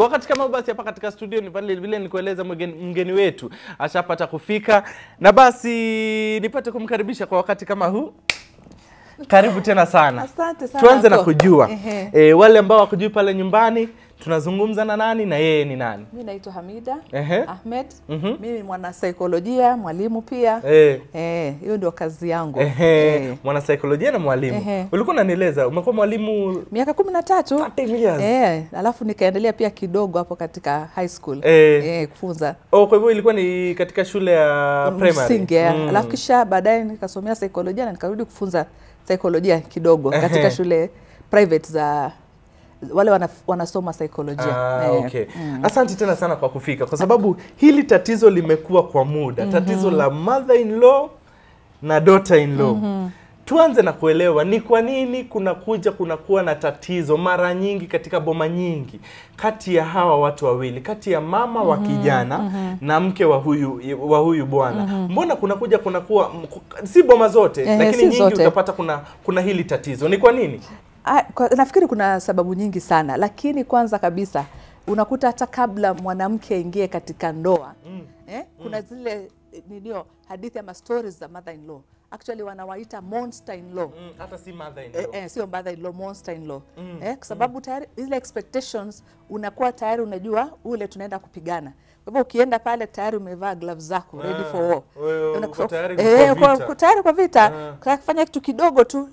Kwa wakati kama basi, hapa katika studio ni pale vile nikueleza, mgeni, mgeni wetu ashapata kufika, na basi nipate kumkaribisha kwa wakati kama huu. Karibu tena sana, asante sana. Tuanze na kujua e, wale ambao wakujui pale nyumbani tunazungumza na nani na yeye ni nani? Mimi naitwa Hamida Ehe. Ahmed. mm -hmm. Mimi saikolojia, mwalimu pia eh. Eh, hiyo ndio kazi yangu eh. Mwana saikolojia na mwalimu Ulikuwa unanieleza umekuwa mwalimu miaka kumi na tatu Alafu nikaendelea pia kidogo hapo katika high school e. E, kufunza. Oh, kwa hivyo ilikuwa ni katika shule ya primary msingi mm. Alafu kisha baadaye nikasomea saikolojia na nikarudi kufunza saikolojia kidogo Ehe. katika shule private za wale wanaf, wanasoma saikolojia. Ah, yeah. okay. mm. Asante tena sana kwa kufika, kwa sababu hili tatizo limekuwa kwa muda mm -hmm. tatizo la mother in law na daughter in law mm -hmm. Tuanze na kuelewa ni kwa nini kunakuja kunakuwa na tatizo mara nyingi katika boma nyingi kati ya hawa watu wawili, kati ya mama mm -hmm. wa mhm. kijana mm -hmm. na mke wa huyu wa huyu bwana mm -hmm. Mbona kunakuja kunakuwa si boma zote eh, lakini si nyingi zote. Utapata kuna kuna hili tatizo, ni kwa nini? Ah, nafikiri kuna sababu nyingi sana, lakini kwanza kabisa unakuta hata kabla mwanamke aingie katika ndoa mm. eh, kuna mm. zile eh, ninio hadithi ama stories za mother in law actually wanawaita monster in law mm, hata si mother in law eh, eh, sio mother in law monster in law mm, eh, kwa mm. sababu mm. tayari zile expectations unakuwa tayari unajua ule tunaenda kupigana kwa hivyo ukienda pale tayari umevaa gloves zako ah, ready for war uko eh, tayari kwa vita, eh, ah. kwa, kwa, tayari kwa kufanya kitu kidogo tu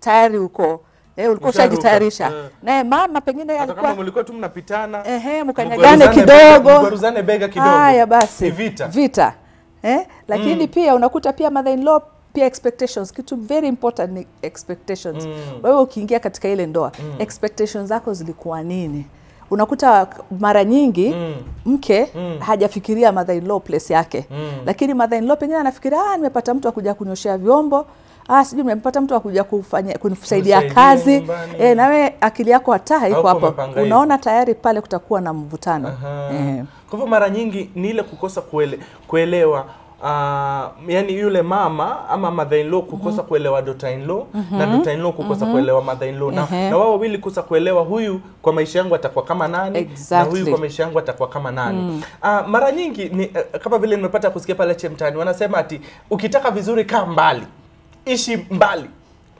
tayari uko eh, ulikuwa ushajitayarisha eh. na mama pengine alikuwa mlikuwa tu mnapitana ehe, mkanyagane kidogo, mgwaruzane bega kidogo. Haya basi, vita vita eh, lakini mm. pia unakuta pia mother in law pia expectations, kitu very important ni expectations. Mm. Wewe ukiingia katika ile ndoa mm. expectations zako zilikuwa nini? unakuta mara nyingi mm. mke mm. hajafikiria mother in law place yake mm. lakini mother in law pengine anafikiria ah, nimepata mtu akuja kunyoshea vyombo ah, sijui mmempata mtu akuja kufanya kunisaidia kazi e, nawe akili yako hata iko hapo, unaona tayari pale kutakuwa na mvutano e. Kwa hivyo mara nyingi ni ile kukosa kuele, kuelewa uh, yani yule mama ama mother in law kukosa mm -hmm. kuelewa daughter in law mm -hmm. na mhm. daughter in law kukosa mm -hmm. kuelewa mother in law na, mm -hmm. na wao wawili kukosa kuelewa huyu kwa maisha yangu atakuwa kama nani exactly. na huyu kwa maisha yangu atakuwa kama nani mm. uh, mara nyingi ni, uh, kama vile nimepata kusikia pale Chemtani wanasema ati ukitaka vizuri kaa mbali ishi mbali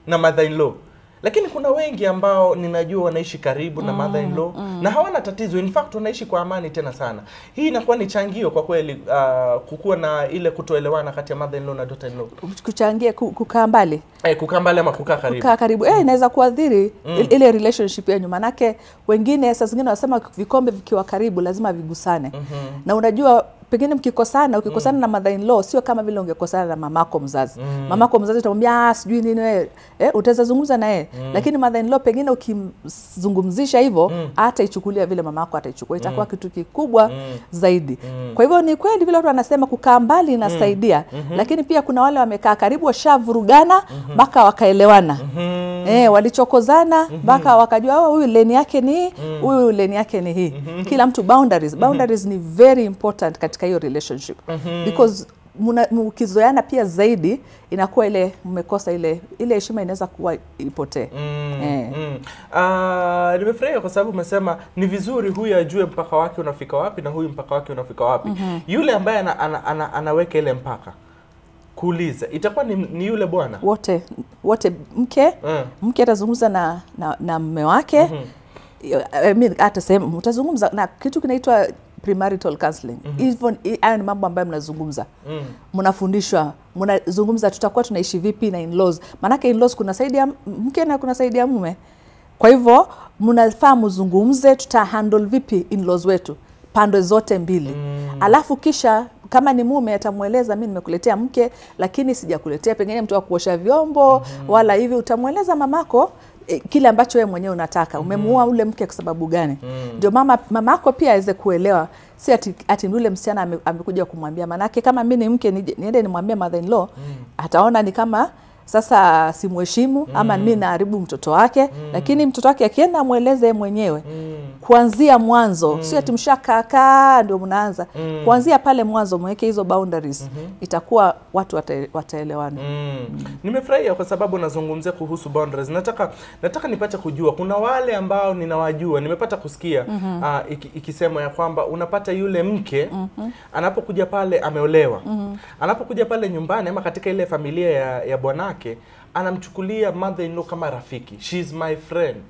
na mother in law lakini kuna wengi ambao ninajua wanaishi karibu mm, na mother in law mm. na hawana tatizo in fact wanaishi kwa amani tena sana hii inakuwa ni changio kwa kweli uh, kukuwa na ile kutoelewana kati ya mother in law na daughter in law kuchangia kukaa mbali eh, kukaa mbali ama kukaa karibu kukaa karibu eh, mm. inaweza kuadhiri mm. ile relationship yenu manake wengine saa zingine wanasema vikombe vikiwa karibu lazima vigusane mm -hmm. na unajua pengine mkikosana ukikosana mm. na mother in law sio kama vile ungekosana na mamako mzazi mm. mamako mzazi utamwambia ah sijui nini wewe eh, utaweza zungumza naye mm. lakini mother in law pengine ukimzungumzisha hivyo hata mm. ichukulia vile mamako ataichukua itakuwa mm. kitu kikubwa mm. zaidi mm. kwa hivyo ni kweli vile watu wanasema kukaa mbali inasaidia mm. mm -hmm. lakini pia kuna wale wamekaa karibu washavurugana mm-hmm. mpaka mm -hmm. wakaelewana mm -hmm. eh, walichokozana mm-hmm. mpaka mm -hmm. wakajua oh, huyu leni yake ni mm. huyu mm. leni yake ni hii mm -hmm. kila mtu boundaries mm-hmm. boundaries mm -hmm. ni very important katika katika hiyo relationship mm -hmm. because mkizoeana pia zaidi inakuwa ile mmekosa ile ile heshima inaweza kuwa ipotee. mm, eh. mm. Uh, nimefurahia kwa sababu umesema ni vizuri huyu ajue mpaka wake unafika wapi na huyu mpaka wake unafika wapi. mm -hmm. Yule ambaye ana, ana, ana, anaweka ile mpaka kuuliza itakuwa ni, ni yule bwana wote wote mke mm. mke atazungumza na, na, na mme wake mm -hmm. I mean, atasema utazungumza na kitu kinaitwa premarital counseling mm -hmm. even haya ni mambo ambayo mnazungumza mm. mnafundishwa mnazungumza tutakuwa tunaishi vipi na in-laws maanake in-laws kuna saidi ya mke na kuna saidi ya mume kwa hivyo mnafaa mzungumze tuta handle vipi in-laws wetu pande zote mbili mm. alafu kisha kama ni mume atamweleza mi nimekuletea mke lakini sijakuletea pengine mtu wa kuosha vyombo mm -hmm. wala hivi utamweleza mamako Eh, kile ambacho wewe mwenyewe unataka mm-hmm. umemuua ule mke kwa sababu gani mm. ndio mm. mama mama yako pia aweze kuelewa si ati, ati ule msichana amekuja kumwambia manake kama mi ni mke niende nimwambie mother in law mm. ataona ni kama sasa simheshimu mm. ama mi naharibu mtoto wake mm. lakini mtoto wake akienda amweleze mwenyewe mm. kuanzia mwanzo mm. sio ati mshakakaa ndio mnaanza mm. kuanzia pale mwanzo mweke hizo boundaries mm -hmm. itakuwa watu wataelewana mm. mm. nimefurahia kwa sababu nazungumzia kuhusu boundaries nataka nataka nipate kujua kuna wale ambao ninawajua nimepata kusikia mm -hmm. uh, iki, ya kwamba unapata yule mke mm -hmm. anapokuja pale ameolewa mm -hmm. anapokuja pale nyumbani ama katika ile familia ya, ya bwana yake anamchukulia mother in law kama rafiki, she is my friend.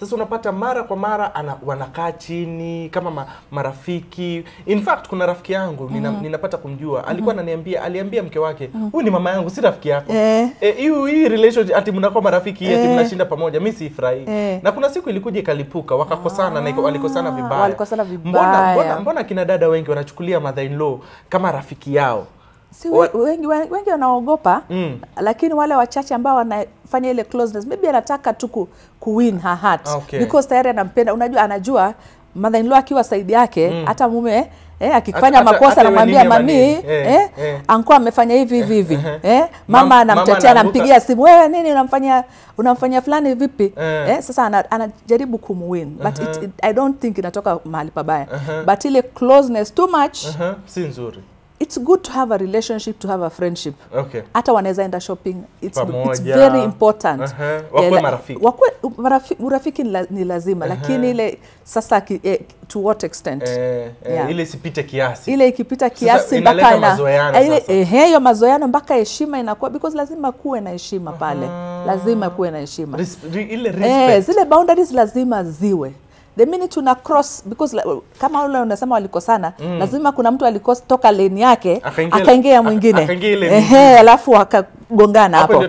Sasa unapata mara kwa mara ana, wanakaa chini kama ma, marafiki. In fact kuna rafiki yangu nina, mm. ninapata kumjua alikuwa mm-hmm. ananiambia, mm. aliambia mke wake mm huyu -hmm. ni mama yangu, si rafiki yako eh. E, eh, hii relationship ati mnakuwa marafiki eh. ati mnashinda pamoja, mimi siifurahii eh. na kuna siku ilikuja ikalipuka, wakakosana ah. na walikosana vibaya, walikosana vibaya. Mbona, mbona, mbona kina dada wengi wanachukulia mother in law kama rafiki yao si What? wengi, wengi, wengi wanaogopa mm. lakini wale wachache ambao wanafanya ile closeness maybe anataka tu ku, ku win her heart okay. because tayari anampenda unajua anajua mother in law akiwa side yake mm. hata mm. mume eh, akifanya makosa anamwambia mami eh, eh, eh, anko eh, amefanya hivi hivi hivi eh, eh, eh mama anamtetea anampigia simu wewe nini unamfanyia unamfanyia fulani vipi eh, eh sasa anajaribu kumwin but uh -huh. it, uh-huh. it, I don't think inatoka mahali pabaya uh -huh. but ile closeness too much uh -huh. si nzuri it's good to have a relationship to have a friendship okay. hata wanaweza enda shopping it's, Pamoja. it's very important uh -huh. wakwe marafiki wakwe marafiki, urafiki ni lazima uh -huh. lakini ile sasa ki, eh, to what extent eh, eh, yeah. ile isipite kiasi ile ikipita kiasi mpaka ina ile eh, hiyo mazoeano mpaka heshima inakuwa because lazima kuwe na heshima pale uh -huh. lazima kuwe na heshima ile eh, respect. Eh, zile boundaries lazima ziwe the minute una cross because like, kama ule unasema walikosana mm. lazima kuna mtu alikosa toka lane yake akaingia mwingine ehe alafu akagongana hapo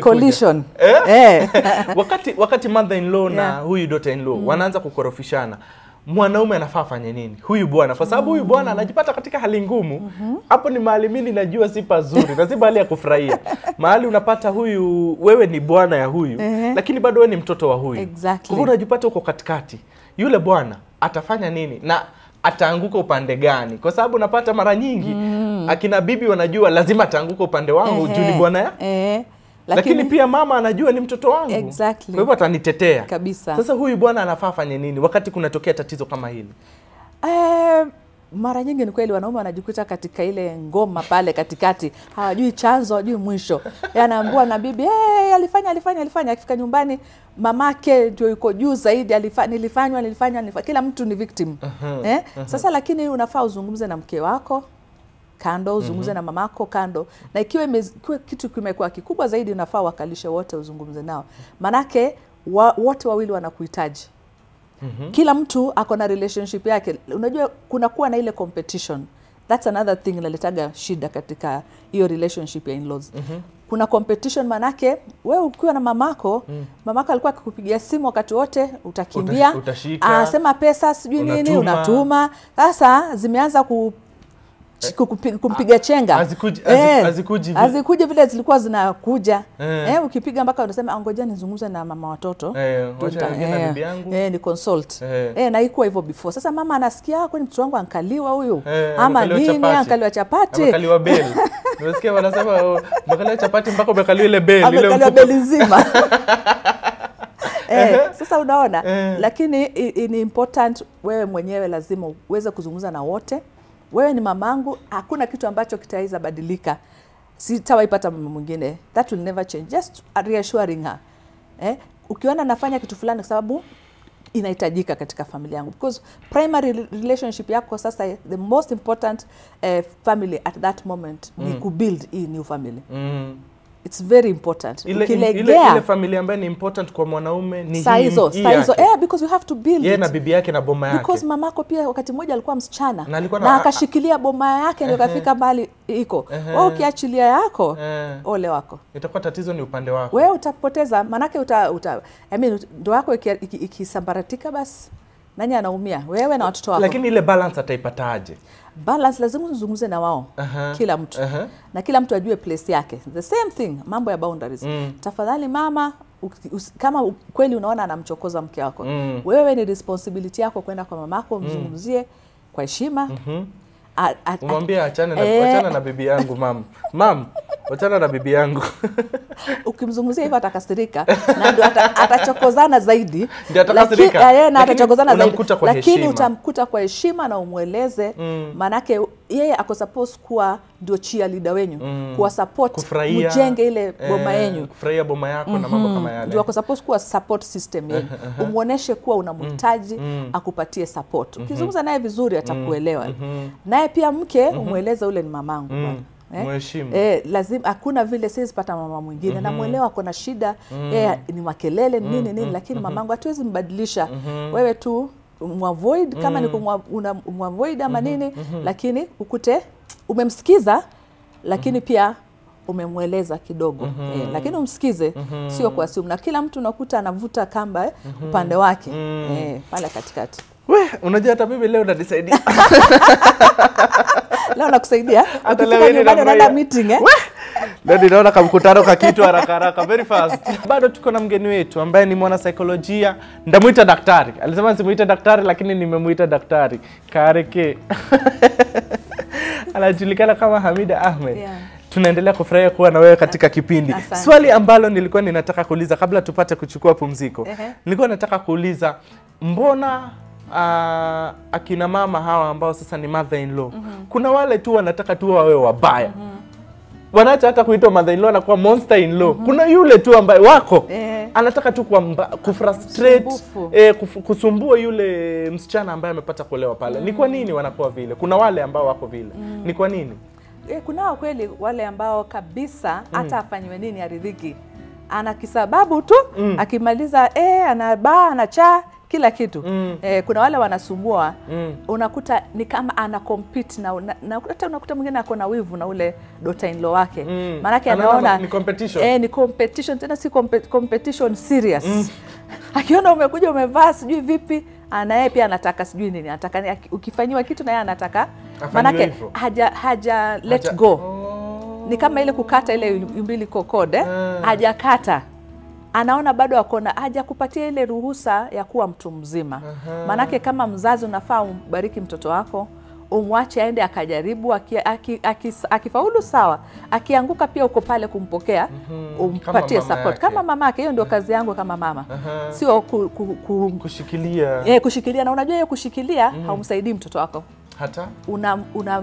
collision eh? eh. wakati wakati mother in law na huyu daughter in law mm. wanaanza kukorofishana mwanaume anafaa afanye nini huyu bwana kwa sababu huyu bwana mm. anajipata katika hali ngumu mm-hmm. hapo mm -hmm. ni mahali mimi najua si pazuri na si mahali ya kufurahia mahali unapata huyu wewe ni bwana ya huyu mm -hmm. lakini bado wewe ni mtoto wa huyu exactly. kwa unajipata uko katikati yule bwana atafanya nini na ataanguka upande gani kwa sababu napata mara nyingi mm. akina bibi wanajua lazima ataanguka upande wangu juu ni bwana ya Ehe. Lakini, lakini pia mama anajua ni mtoto wangu exactly. kwa hivyo atanitetea kabisa. Sasa huyu bwana anafaa afanye nini wakati kunatokea tatizo kama hili? Uh, mara nyingi ni kweli wanaume wanajikuta katika ile ngoma pale katikati, hawajui chanzo, hawajui mwisho. anaambua na bibi hey, eh, alifanya alifanya alifanya. Akifika nyumbani mamake ndio yuko juu zaidi, alifanya nilifanywa nilifanywa nilifanywa, kila mtu ni victim uh -huh, eh? uh -huh. Sasa lakini unafaa uzungumze na mke wako kando, uzungumze mm -hmm. na mamako kando, na ikiwa, ikiwa kitu kimekuwa kikubwa zaidi, unafaa wakalishe wote uzungumze nao, manake wa, wote wawili wanakuhitaji -hmm. kila mtu ako na relationship yake. Unajua kunakuwa na ile competition, that's another thing inaletaga shida katika hiyo relationship ya in-laws mm -hmm. Kuna competition manake, wewe ukiwa na mamako mm. mamako alikuwa akikupigia simu wakati wote, utakimbia, utasema pesa sijui nini, unatuma. Sasa zimeanza ku kumpiga, kumpiga chenga azikuji, azikuji, eh, azikuji vile zilikuwa zinakuja eh. Eh, ukipiga mpaka unasema ah, ngoja nizungumze na mama watoto eh, eh, eh, ni consult eh. Eh, na ikuwa hivyo before. Sasa mama anasikia ah, kwani mtoto wangu ankaliwa huyu eh, ama nini, ankaliwa chapati, ankaliwa beli wanasema oh, chapati ile beli, amekaliwa beli nzima eh, sasa unaona eh. Lakini ni important wewe mwenyewe lazima uweze kuzungumza na wote wewe ni mamangu, hakuna kitu ambacho kitaweza badilika, sitawaipata mama mwingine, that will never change, just reassuring her eh? Ukiona nafanya kitu fulani kwa sababu inahitajika katika familia yangu because primary relationship yako sasa the most important uh, family at that moment mm. ni kubuild hii new family mm it's very important ile, Ukilegea, ile, ile familia ambayo ni important kwa mwanaume ni saa hizo saa hizo eh, because you have to build yeye na bibi yake na boma yake because mamako pia wakati mmoja alikuwa msichana na, na, na akashikilia boma yake ndio kafika mbali iko wewe ukiachilia yako ole wako itakuwa tatizo ni upande wako wewe utapoteza manake uta, uta I mean ndoa yako ikisambaratika iki, iki basi nani anaumia wewe na watoto wako lakini ile balance ataipataje balance lazima uzungumze na wao uh -huh. kila mtu uh -huh. na kila mtu ajue place yake the same thing mambo ya boundaries mm. tafadhali mama Us, kama kweli unaona anamchokoza mke wako mm. wewe ni responsibility yako kwenda kwa mamako mm. mzungumzie mm. kwa heshima mm -hmm. Umwambie achane na, eh. achana na bibi yangu mam mam wachana na bibi yangu ukimzungumzia hivyo atakasirika na ndio atachokozana zaidi ndio atakasirika yeye eh, na atachokozana zaidi lakini utamkuta kwa heshima na umweleze mm. yeye ako suppose kuwa ndio lida wenyu mm. kuwa support kufraia, mjenge ile eh, boma yenyu eh, kufurahia boma yako mm -hmm. na mambo kama mhm. yale ndio ako suppose kuwa support system yenu uh-huh. umuoneshe kuwa unamhitaji mm. mm. akupatie support mhm. ukizungumza mm -hmm. naye vizuri atakuelewa mm -hmm. naye pia mke mm-hmm. umweleze ule ni mamangu mm eh? Mheshimu. Eh, lazima hakuna vile siwezi pata mama mwingine mm -hmm. Namuelewa kuna shida mm -hmm. eh, ni makelele mm, nini nini mm -hmm. lakini mm-hmm. mamangu hatuwezi mbadilisha mm -hmm. wewe tu mwavoid kama mm -hmm. ni kumwavoid ama mm -hmm. nini mm -hmm. lakini ukute umemsikiza lakini mm -hmm. pia umemweleza kidogo mm -hmm. eh, lakini umsikize mm -hmm. sio kwa simu na kila mtu unakuta anavuta kamba eh, mm -hmm. upande wake mm -hmm. eh, pale katikati. We, unajua hata mimi leo unanisaidia leo nakusaidia ukifika nyumbani unaenda meeting eh leo ninaona kamkutano kakitu haraka haraka very fast. Bado tuko na mgeni wetu ambaye ni mwana saikolojia, ndamuita daktari. Alisema nisimuite daktari lakini nimemuita daktari Kareke. Anajulikana kama Hamida Ahmed. Yeah. Tunaendelea kufurahia kuwa na wewe katika kipindi. Asante. Swali ambalo nilikuwa ninataka kuuliza kabla tupate kuchukua pumziko. Uh -huh. Nilikuwa nataka kuuliza mbona uh, akina mama hawa ambao sasa ni mother in law mm -hmm. kuna wale tu wanataka tu wawe wabaya mm -hmm. wanaacha hata kuitwa mother in law na kuwa monster in law mm -hmm. kuna yule tu ambaye wako eh. anataka tu kuamba, kufrustrate eh, kuf, kusumbua yule msichana ambaye amepata kuolewa pale mm -hmm. ni kwa mm. nini wanakuwa vile kuna wale ambao wako vile mm -hmm. ni kwa nini e, eh, kunao kweli wale ambao kabisa mm. hata mm. afanyiwe nini aridhiki ana kisababu tu mm. akimaliza eh, ana ba ana cha kila kitu mm. eh, kuna wale wanasumbua mm. unakuta ni kama ana compete na, na, na hata unakuta mwingine ako na wivu na ule daughter in law wake mm. maanake anaona ni competition. Eh, ni competition tena si compet, competition serious mm. akiona umekuja umevaa sijui vipi na yeye pia anataka sijui nini anataka ni, ukifanyiwa kitu na yeye anataka maanake haja, haja let haja. go oh. ni kama ile kukata ile umbili kokode eh. mm. hajakata anaona bado akona hajakupatia ile ruhusa ya kuwa mtu mzima. maanake kama mzazi unafaa umbariki mtoto wako umwache aende akajaribu, akifaulu aki, aki, aki sawa, akianguka pia uko pale kumpokea mm -hmm. umpatie kama support kama mama yake. Hiyo ndio eh. kazi yangu kama mama uh -huh. sio ku, ku, ku, kushikilia eh, kushikilia. Na unajua hiyo kushikilia mm. haumsaidii mtoto wako hata unamharibia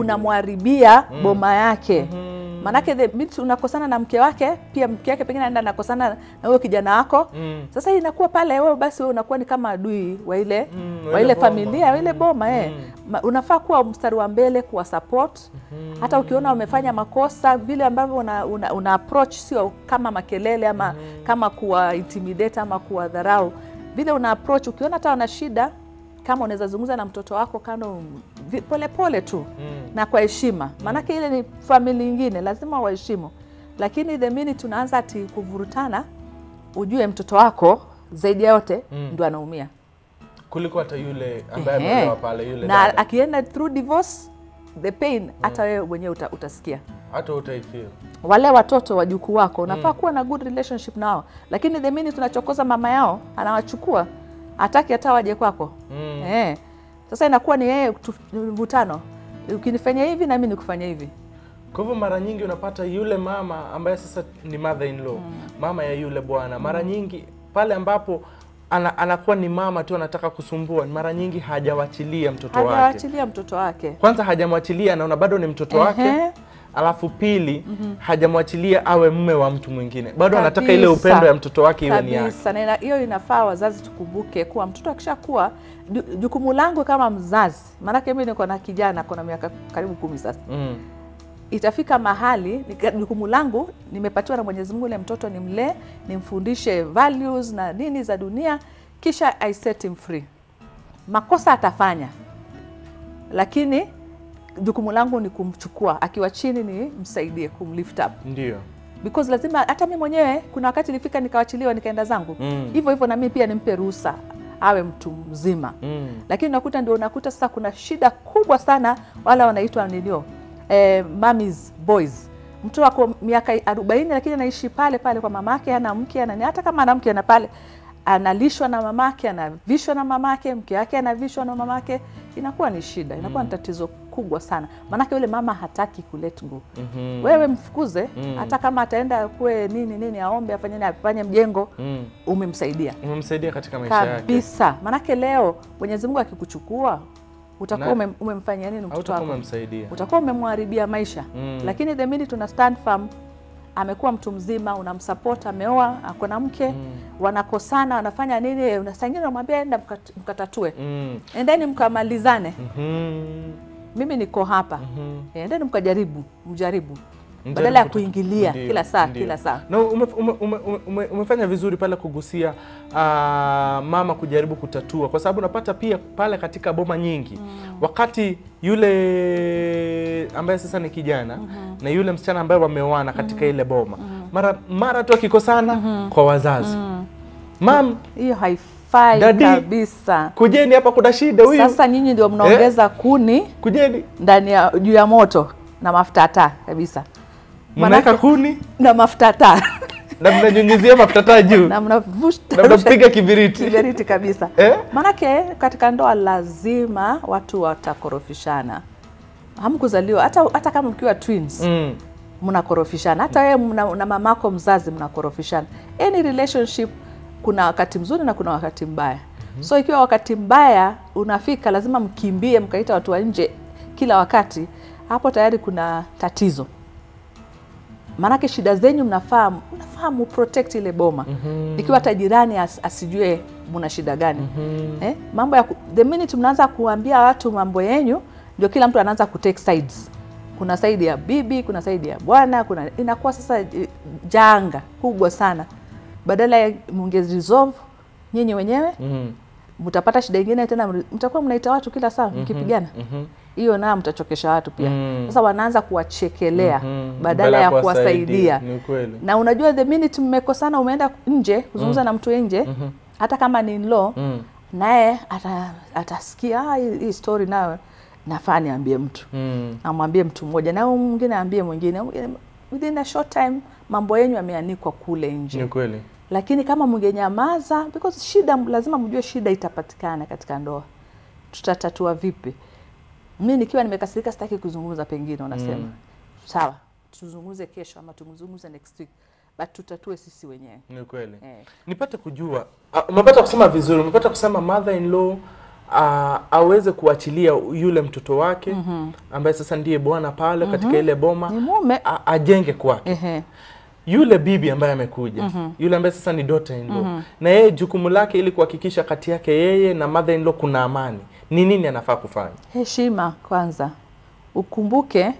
una, una, una mm. boma yake mm -hmm Maanake the unakosana na mke wake, pia mke wake pengine anaenda anakosana na huyo kijana wako mm. Sasa inakuwa pale wewe basi wewe unakuwa ni kama adui wa ile mm, wa ile familia wa ile boma eh. Mm. Unafaa kuwa mstari wa mbele kuwa support mm. Hata ukiona umefanya makosa vile ambavyo una, una, una approach sio kama makelele ama mm. kama kuwa intimidate ama kuwa dharau vile una approach ukiona hata wana shida kama unaweza zungumza na mtoto wako kando polepole pole tu mm. na kwa heshima, mm. maanake mm. ile ni famili nyingine, lazima waheshimu. Lakini the minute tunaanza ati kuvurutana, ujue mtoto wako zaidi ya yote mm. ndo anaumia kuliko hata yule ambaye pale yule na dada. akienda through divorce the pain mm. hata mm. wewe mwenyewe uta, utasikia hata utaifeel. Wale watoto wajukuu wako unafaa mm. kuwa na good relationship nao, lakini the minute tunachokoza mama yao anawachukua ataki hata waje kwako mm. eh. Sasa inakuwa ni yeye mvutano, ukinifanya hivi na mimi nikufanya hivi. Kwa hivyo mara nyingi unapata yule mama ambaye sasa ni mother in law mm. mama ya yule bwana, mara mm. nyingi pale ambapo ana, anakuwa ni mama tu anataka kusumbua, mara nyingi hajawachilia mtoto hajawachilia wake, hajawachilia mtoto wake, kwanza hajamwachilia, anaona bado ni mtoto wake alafu pili mm -hmm. hajamwachilia awe mme wa mtu mwingine, bado anataka ile upendo ya mtoto wake iwe ni yake. Na hiyo inafaa wazazi tukumbuke kuwa mtoto akishakuwa, jukumu langu kama mzazi, maanake mimi niko na kijana kona miaka karibu kumi sasa mm. Itafika mahali jukumu langu nimepatiwa na Mwenyezi Mungu, ile mtoto nimlee, nimfundishe values na nini za dunia, kisha I set him free. Makosa atafanya, lakini jukumu langu ni kumchukua akiwa chini, ni msaidie kumlift up. Ndio because lazima hata mimi mwenyewe kuna wakati nilifika nikawachiliwa nikaenda zangu mm. hivyo mm. hivyo, na mimi pia nimpe ruhusa awe mtu mzima mm. Lakini unakuta ndio unakuta sasa kuna shida kubwa sana, wala wanaitwa nilio eh, mummies boys mtu wako miaka 40 lakini anaishi pale pale kwa mamake, ana mke, ana hata kama ana mke ana pale analishwa na mamake, anavishwa na mamake, mke wake anavishwa na mamake, inakuwa ni shida, inakuwa mm. ni tatizo kubwa sana, maanake yule mama hataki ku let go. mm -hmm. Wewe mfukuze mm. hata kama ataenda kuwe nini nini, aombe afanye nini, afanye mjengo mm. umemsaidia, umemsaidia katika maisha yake kabisa, maanake leo Mwenyezi Mungu akikuchukua utakuwa ume, umemfanyia nini mtoto wako, utakuwa umemharibia maisha mm. Lakini the minute tuna stand firm amekuwa mtu mzima, unamsupport, ameoa, ako na mke mm. wanakosana, wanafanya nini, na unamwambia enda mkatatue mm. endeni mkamalizane mm -hmm. mimi niko hapa mm -hmm. endeni mkajaribu, mjaribu badala ya kuingilia ndiyo, kila saa ndiyo. kila saa. Na ume, ume, ume, ume, umefanya vizuri pale kugusia uh, mama kujaribu kutatua, kwa sababu napata pia pale katika boma nyingi mm. wakati yule ambaye sasa ni kijana mm -hmm. na yule msichana ambaye wameoana katika mm -hmm. ile boma mm -hmm. mara mara tu akikosana mm -hmm. kwa wazazi mm -hmm. mam, hiyo haifai Dadi, kabisa. Kujeni hapa kuna shida huyu. Sasa nyinyi ndio mnaongeza eh, kuni kujeni ndani ya juu ya moto na mafuta taa kabisa mnaweka kuni na mafuta taa na mnanyunyizia mafuta taa juu na mnavuta mnapiga kibiriti kibiriti kabisa eh? Manake katika ndoa lazima watu watakorofishana, hamkuzaliwa hata, hata kama mkiwa twins mm mnakorofishana, hata wewe mna, na mamako mzazi mnakorofishana. Any relationship kuna wakati mzuri na kuna wakati mbaya. Mm-hmm. So ikiwa wakati mbaya unafika, lazima mkimbie mkaita watu wa nje kila wakati, hapo tayari kuna tatizo maanake shida zenyu mnafahamu mnafahamu protect ile boma mm -hmm. ikiwa hata jirani as, asijue muna shida gani mm -hmm. eh, mambo ya ku, the minute mnaanza kuambia watu mambo yenyu ndio kila mtu anaanza kutake sides kuna saidi ya bibi kuna saidi ya bwana kuna inakuwa sasa eh, janga kubwa sana badala ya resolve nyinyi wenyewe mtapata mhm. mm -hmm. shida ingine tena mtakuwa mnaita watu kila saa mhm. mkipigana mm -hmm. mm -hmm hiyo nayo mtachokesha watu pia mm. sasa wanaanza kuwachekelea mm -hmm. badala ya kuwasaidia na unajua the minute mmekosana umeenda nje kuzungumza mm. na mtu nje mm -hmm. hata kama ni law mm. naye atasikia ata ah, hii story nayo nafaa niambie mtu mm. amwambie mtu mmoja na mwingine aambie mwingine within a short time mambo yenyu yameanikwa kule nje ni kweli lakini kama mngenyamaza because shida lazima mjue shida itapatikana katika ndoa tutatatua vipi mm mi nikiwa nimekasirika, sitaki kuzungumza, pengine unasema mm. sawa, tuzungumze kesho ama tuzungumze next week but tutatue sisi wenyewe. Ni kweli eh. Nipate kujua uh, umepata kusema vizuri, umepata kusema mother in law uh, ah, aweze kuachilia yule mtoto wake mm -hmm. ambaye sasa ndiye bwana pale mm -hmm. katika ile boma ni mume a, ajenge kwake mm -hmm. Yule bibi ambaye amekuja mm -hmm. yule ambaye sasa ni daughter in law mm -hmm. na yeye jukumu lake ili kuhakikisha kati yake yeye na mother in law kuna amani ni nini anafaa kufanya? Heshima kwanza, ukumbuke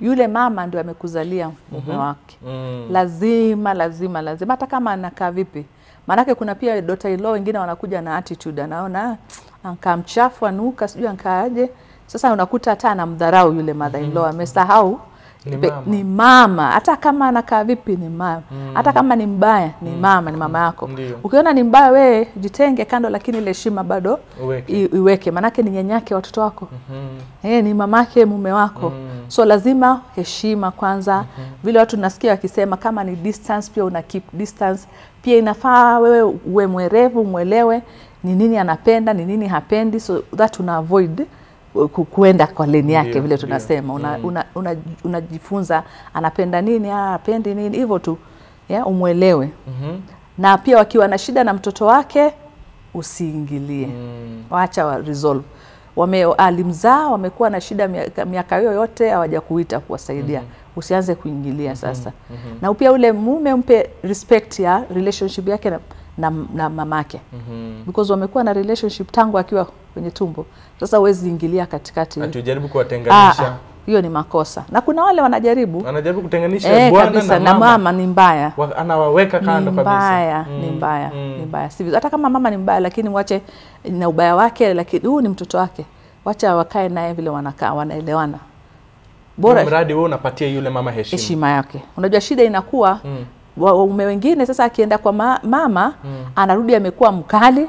yule mama ndio amekuzalia mume mm -hmm. wake mm. lazima lazima lazima, hata kama anakaa vipi, maanake kuna pia dota ilo wengine wanakuja na attitude, anaona ankaa mchafu, anuka, sijui ankaaje. Sasa unakuta hata anamdharau yule mother-in-law, mhm. amesahau mm -hmm ni mama. ni mama hata kama anakaa vipi ni mama mm. hata kama ni mbaya ni mm. mama ni mama yako Ndiyo. ukiona ni mbaya wewe jitenge kando lakini ile heshima bado uweke, iweke maanake ni nyanyake watoto wako mm-hmm. e, ni mamake mume wako mm. so lazima heshima kwanza mm-hmm. vile watu nasikia wakisema kama ni distance pia una keep distance pia inafaa wewe uwe mwerevu mwelewe ni nini anapenda ni nini hapendi so that una avoid kuenda kwa leni yake yeah, vile tunasema yeah. Mm. Una, una, unajifunza una anapenda nini ah, apendi nini hivyo tu yeah, umwelewe mm -hmm. na pia wakiwa na shida na mtoto wake usiingilie mm. waacha wa resolve wame alimzaa wamekuwa na shida miaka hiyo yote hawajakuita kuwasaidia mm -hmm. usianze kuingilia mm-hmm. sasa mm -hmm. na pia ule mume mpe respect ya relationship yake na na, na mamake mm -hmm. because wamekuwa na relationship tangu akiwa kwenye tumbo. Sasa huwezi ingilia katikati, atujaribu kuwatenganisha ah, ah, hiyo ni makosa, na kuna wale wanajaribu anajaribu kutenganisha e, bwana na, na mama ni mbaya, anawaweka kando kabisa, mm, mbaya mm, ni mbaya mm. ni mbaya sivyo? Hata kama mama ni mbaya, lakini wache na ubaya wake, lakini huu ni mtoto wake, wacha wakae naye vile wanakaa, wanaelewana bora mradi wewe unapatia yule mama heshima, heshima yake. Unajua shida inakuwa mm waume wengine sasa akienda kwa ma mama mm. anarudi amekuwa mkali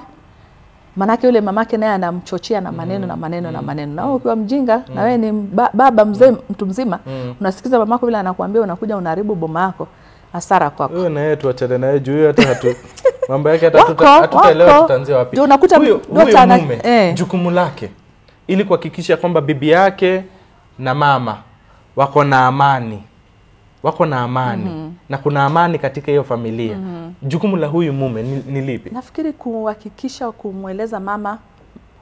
manake yule mamake naye anamchochea na maneno mm. na maneno mm. na maneno na hmm. hmm. ukiwa mjinga mm. na wewe ni baba mzee mtu mzima mm. unasikiza mamako vile anakuambia unakuja unaharibu boma yako hasara kwako na yeye tuachane naye juu hiyo hata hatu mambo yake hata tutaelewa tutaanzia wapi ndio unakuta ndio mume eh. jukumu lake ili kuhakikisha kwamba bibi yake na mama wako na amani wako na amani mm -hmm. na kuna amani katika hiyo familia mm -hmm. jukumu la huyu mume ni, ni lipi? Nafikiri kuhakikisha kumweleza mama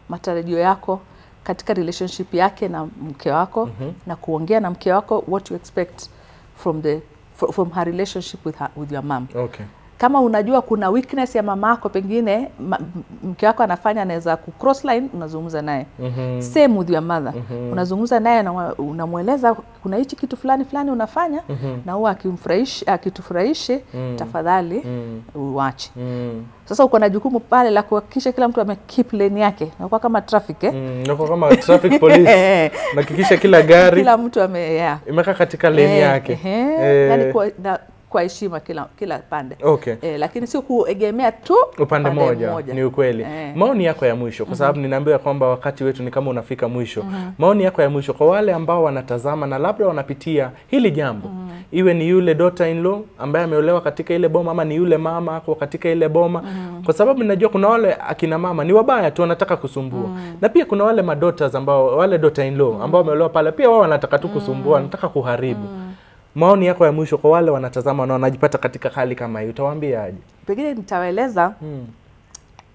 matarajio yako katika relationship yake na mke wako mm -hmm. na kuongea na mke wako what you expect from the from her relationship with her, with your mom. Okay kama unajua kuna weakness ya mama yako, pengine ma, mke wako anafanya anaweza ku cross line, unazungumza naye mm -hmm. same with your mother mm -hmm. unazungumza naye na unamweleza kuna hichi kitu fulani fulani unafanya mm -hmm. na huwa akimfurahishi akitufurahishi mm -hmm. tafadhali mm -hmm. uache mm -hmm. Sasa uko na jukumu pale la kuhakikisha kila mtu ame keep lane yake, nakuwa kama traffic eh? Mm, nakuwa kama traffic police nahakikisha kila gari kila mtu ame yeah. imekaa katika lane eh, yake eh, yaani eh. Yani kwa, na, kwa heshima kila, kila pande okay. E, lakini sio kuegemea tu upande moja. moja. Ni ukweli e. Maoni yako ya mwisho kwa mhm. sababu mm -hmm. ninaambiwa kwamba wakati wetu ni kama unafika mwisho mm -hmm. Maoni yako ya mwisho kwa wale ambao wanatazama na labda wanapitia hili jambo mm -hmm. iwe ni yule daughter in law ambaye ameolewa katika ile boma ama ni yule mama ako katika ile boma mm -hmm. kwa sababu ninajua kuna wale akina mama ni wabaya tu wanataka kusumbua mm -hmm. na pia kuna wale madotas ambao wale daughter in law ambao wameolewa pale pia wao wanataka tu kusumbua mm -hmm. kuharibu mm -hmm maoni yako ya mwisho kwa wale wanatazama na wanajipata katika hali kama hii, utawaambia aje? Pengine nitawaeleza hmm.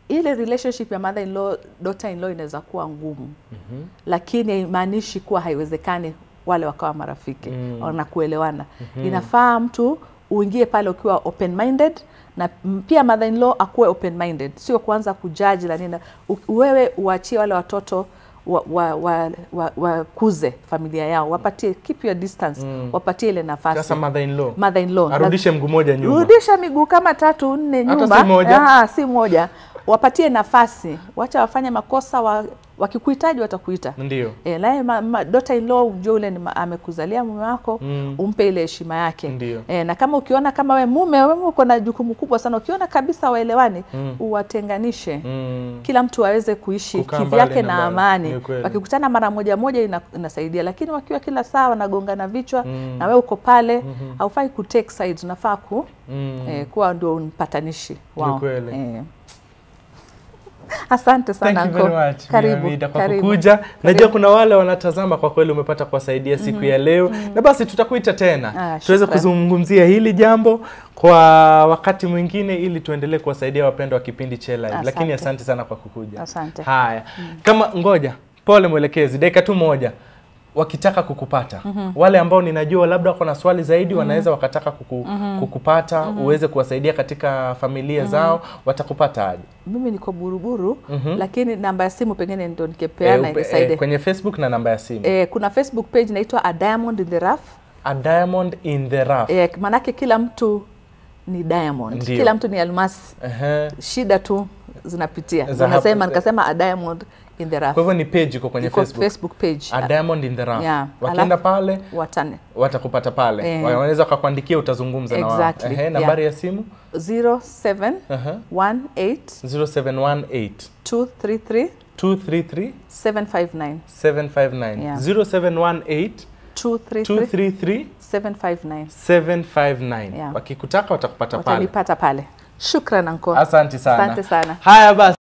Ile relationship ya mother in law daughter in law inaweza kuwa ngumu mm -hmm. lakini haimaanishi kuwa haiwezekani wale wakawa marafiki mm. kuelewana mm -hmm. inafaa mtu uingie pale ukiwa open minded na pia mother in law akuwe open minded, sio kuanza kujaji la nini. Wewe uachie wale watoto wakuze wa, wa, wa, wa, wa familia yao, wapatie keep your distance mm. wapatie ile nafasi. Sasa mother in law, mother in law arudishe mguu moja nyuma, rudisha miguu kama tatu nne nyuma, hata si moja, ah, si moja wapatie nafasi, wacha wafanye makosa wa, wakikuhitaji watakuita. Ndio. E, naye daughter in law unjua yule amekuzalia mume wako mm. umpe ile heshima yake. Ndio. E, na kama ukiona kama we mume wewe uko na jukumu kubwa sana, ukiona kabisa waelewani mm. uwatenganishe mm. kila mtu aweze kuishi kivyake na, na amani. Wakikutana mara moja moja ina, inasaidia, lakini wakiwa kila saa wanagongana vichwa mm. na we uko pale mm -hmm. ku take sides, unafaa ku mm. e, kuwa ndio mpatanishi wao. Ni kweli. Eh. Asante sana Uncle. Karibu, kwa karibu. kukuja. Karibu. Najua kuna wale wanatazama, kwa kweli umepata kuwasaidia siku mm -hmm. ya leo mm -hmm. na basi tutakuita tena ah, tuweze kuzungumzia hili jambo kwa wakati mwingine ili tuendelee kuwasaidia wapendwa wa kipindi cha live. Asante. Lakini asante sana kwa kukuja. Asante. Haya. Mm. Kama ngoja, pole mwelekezi, dakika tu moja wakitaka kukupata mm -hmm. wale ambao ninajua labda wako na swali zaidi mm -hmm. wanaweza wakataka kuku, mm -hmm. kukupata mm -hmm. uweze kuwasaidia katika familia mm -hmm. zao watakupata aje mimi niko buruburu mm -hmm. lakini namba ya simu pengine ndo nikepeana e, eh, inisaidie e, kwenye facebook na namba ya simu e, kuna facebook page inaitwa a diamond in the rough a diamond in the rough e, manake kila mtu ni diamond Ndiyo. kila mtu ni almasi uh -huh. shida tu zinapitia unasema nikasema a diamond in the rough. Kwa hivyo ni page iko kwenye Facebook. Facebook page. A diamond in the rough. Yeah. Wakienda pale watane. Watakupata pale. Eh. Wanaweza kukuandikia utazungumza exactly. na wao. Ehe, nambari yeah. ya simu 0718 0718 233 233 759 759 yeah. 0718 233 759 759 yeah. Wakikutaka watakupata pale. Watanipata pale. Shukran anko. Asante sana. Asante sana. Haya basi.